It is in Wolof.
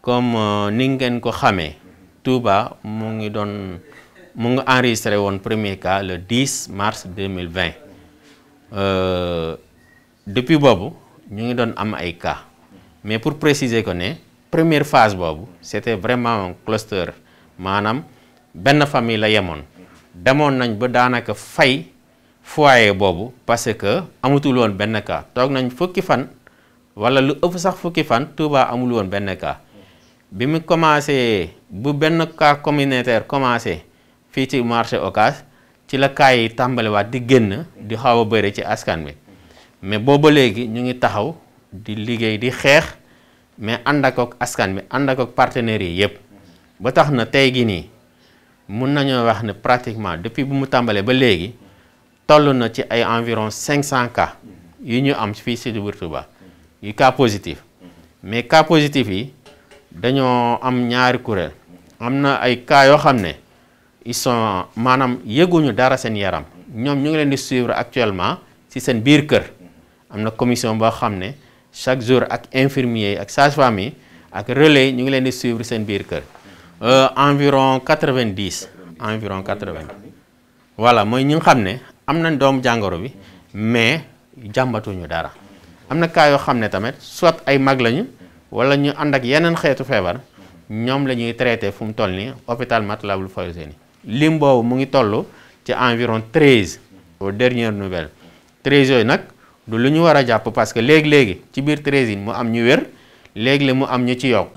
comme euh, ni ngeen ko xamee Touba mu ngi doon mu ngi enregistré woon premier cas le 10 mars 2020 euh, depuis boobu ñu ngi doon am ay cas mais pour préciser ko ne première phase boobu c'était vraiment un cluster maanaam benn famille la yemoon demoon nañ ba daanaka fay foyer boobu parce que amatul woon benn cas toog nañ fukki fan wala lu ëpp sax fukki fan Touba amul woon benn cas bi mu commencé bu benn cas communautaire commencé fii ci marché Ocass ci la cas yi tàmbaliwaat di génn di xaw a bëri ci askan bi mais booba léegi ñu ngi taxaw di liggéey di xeex mais ànd ak ak askan bi ànd ak ak partenaires yi yëpp ba tax na tey gi nii mun nañoo wax ne pratiquement depuis bu mu tàmbalee ba léegi toll na ci ay environ cent cas yu ñu am fii ci biir Touba cas positif mais cas positif yi. dañoo am ñaari kuréel am na ay cas yoo xam ne ils maanaam yëguñu dara seen yaram ñoom ñu ngi leen di suivre actuellement ci seen biir kër am na commission boo xam ne chaque jour ak infirmier yi ak sage-femme yi ak relais ñu ngi leen di suivre seen biir kër euh, environ 90 environ 80 voilà mooy ñi xam ne am nañ doomu jàngoro bi mais jàmbatuñu dara am na cas yoo xam ne tamit soit ay mag lañu wala ñu ànd ak yeneen xeetu feebar ñoom la ñuy traité fu mu toll nii hôpital Matlaboul Fawzeyni lim boobu mu ngi toll ci environ treize. aux dernières nouvelles treize yooyu nag du lu ñu war a jàpp parce que léegi léegi ci biir treize yi mu am ñu wér léegi la mu am ñu ci yow